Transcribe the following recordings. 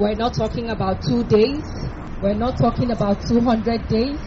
We're not talking about two days. We're not talking about 200 days.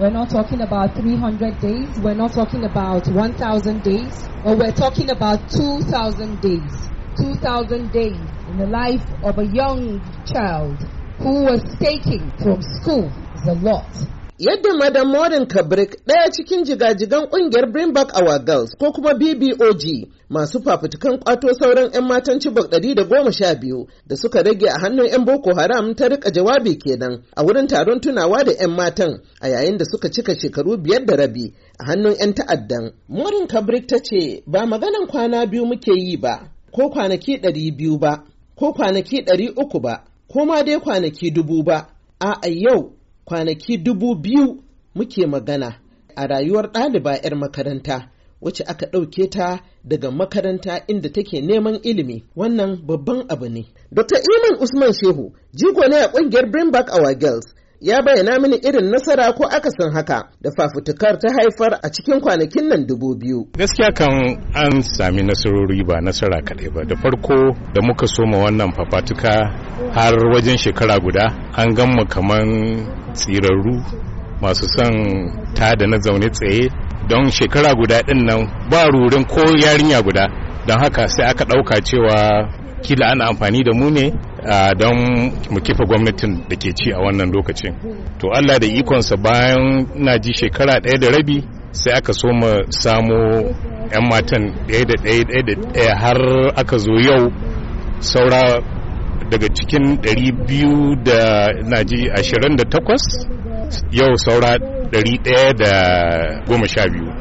We're not talking about 300 days. We're not talking about 1,000 days. But we're talking about 2,000 days. 2,000 days in the life of a young child who was taken from school is a lot. Yadda Madam Morin Kabrik ɗaya cikin jigajigan ƙungiyar Bring Back Our Girls ko kuma BBOG masu fafutukan ƙwato sauran 'yan matan cibok ɗari da goma sha biyu da suka rage a hannun 'yan Boko Haram ta rika jawabi kenan a wurin taron tunawa da 'yan matan a yayin da suka cika shekaru biyar da rabi a hannun 'yan ta'addan. Morin Kabrik ta ce ba maganan kwana biyu muke yi ba ko kwanaki ɗari biyu ba ko kwanaki ɗari uku ba ko ma dai kwanaki dubu ba. A'a yau kwanaki dubu biyu muke magana a rayuwar ɗaliba 'yar makaranta wacce aka ɗauke ta daga makaranta inda take neman ilimi wannan babban abu ne. Dr. Iman Usman Shehu jigo ne a ƙungiyar Brainback Our Girls ya bayyana mini irin nasara ko akasin haka da fafutukar ta haifar a cikin kwanakin nan dubu biyu. Gaskiya kan an sami nasarori ba nasara kaɗai ba da farko da muka soma wannan fafatuka har wajen shekara guda an gama kaman tsirarru masu son ta da na zaune tsaye don shekara guda ɗin nan ba rurin ko yarinya guda don haka sai aka ɗauka cewa kila ana amfani da mu ne don mu kifa gwamnatin da ke ci a wannan lokacin to allah da ikonsa bayan na ji shekara ɗaya da rabi sai aka so mu samo 'yan matan ɗaya da ɗaya da ɗaya har aka zo yau saura daga cikin 200 da na ji 28 yau saura 112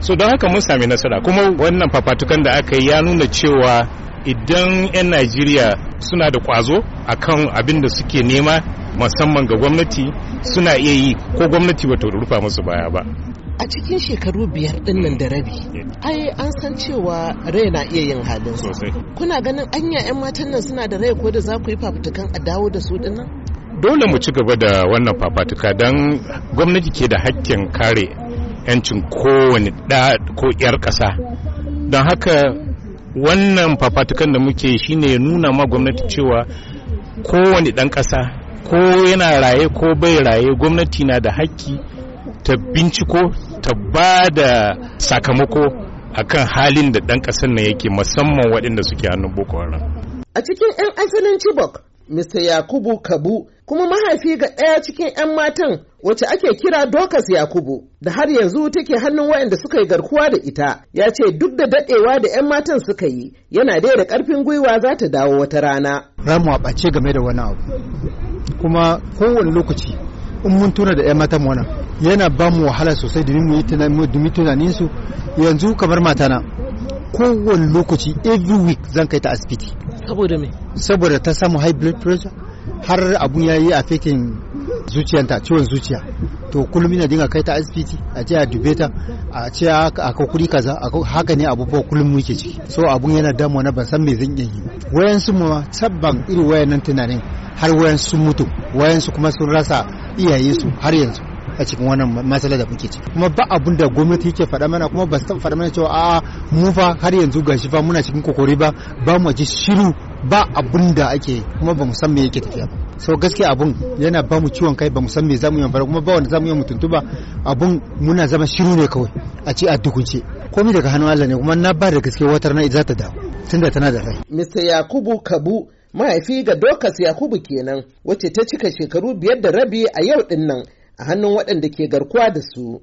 so don haka mun sami nasara kuma wannan fafatukan da aka yi ya nuna cewa idan 'yan najeriya suna da kwazo kan abin da suke nema musamman ga gwamnati suna iya yi ko gwamnati bata rufa musu baya ba a cikin shekaru biyar din nan da rabi ai an san cewa rai na iya yin halin sosai kuna ganin anya 'yan matan nan suna da rai ko da za ku yi fafutukan a dawo da su din dole mu ci gaba da wannan fafatuka don gwamnati ke da hakkin kare 'yancin kowane da ko 'yar ƙasa don haka wannan fafatukan da muke shine ya nuna ma gwamnati cewa kowane ɗan ƙasa ko yana raye ko bai raye gwamnati na da haƙƙi ta binciko ta ba da sakamako akan halin da ɗan ƙasar na yake musamman waɗanda suke hannun boko haram a cikin 'yan asalin chibok mr yakubu kabu kuma mahaifi ga ɗaya cikin 'yan matan wacce ake kira Dokas Yakubu da har yanzu take hannun waɗanda suka yi garkuwa da ita ya ce duk da daɗewa da 'yan matan suka yi yana dai da ƙarfin gwiwa za ta dawo wata rana. Ramu a ɓace game da wani abu kuma kowane lokaci in mun tuna da 'yan matan wannan yana ba mu wahala sosai domin tunanin su yanzu kamar matana kowane lokaci every week zan kai ta asibiti. Saboda me? Saboda ta samu high blood pressure har abun ya yi affecting zuciyanta ciwon zuciya to kullum ina dinga kai ta asibiti a ce a dube ta a ce a kuri kaza haka ne abubuwa kullum muke ciki so abun yana damu na ban san me zan yi wayan su ma tabban iri nan tunanin har wayan sun mutu wayan su kuma sun rasa iyaye su har yanzu a cikin wannan matsala da muke ciki kuma ba abun da gwamnati yake faɗa mana kuma ba su faɗa mana cewa a mu fa har yanzu gashi fa muna cikin kokori ba ba mu ji shiru ba abun da ake kuma ba mu me yake tafiya ba so gaskiya abun yana ba mu ciwon kai ba mu san me zamu yi kuma ba wanda zamu yi mutuntu ba abun muna zama shiru ne kawai a ce a dukunce komai daga hannun Allah ne kuma na ba da gaskiya watar na za ta tunda tana da rai Mr Yakubu Kabu mahaifi ga Dokas Yakubu kenan wacce ta cika shekaru biyar da rabi a yau din nan a hannun waɗanda ke garkuwa da su.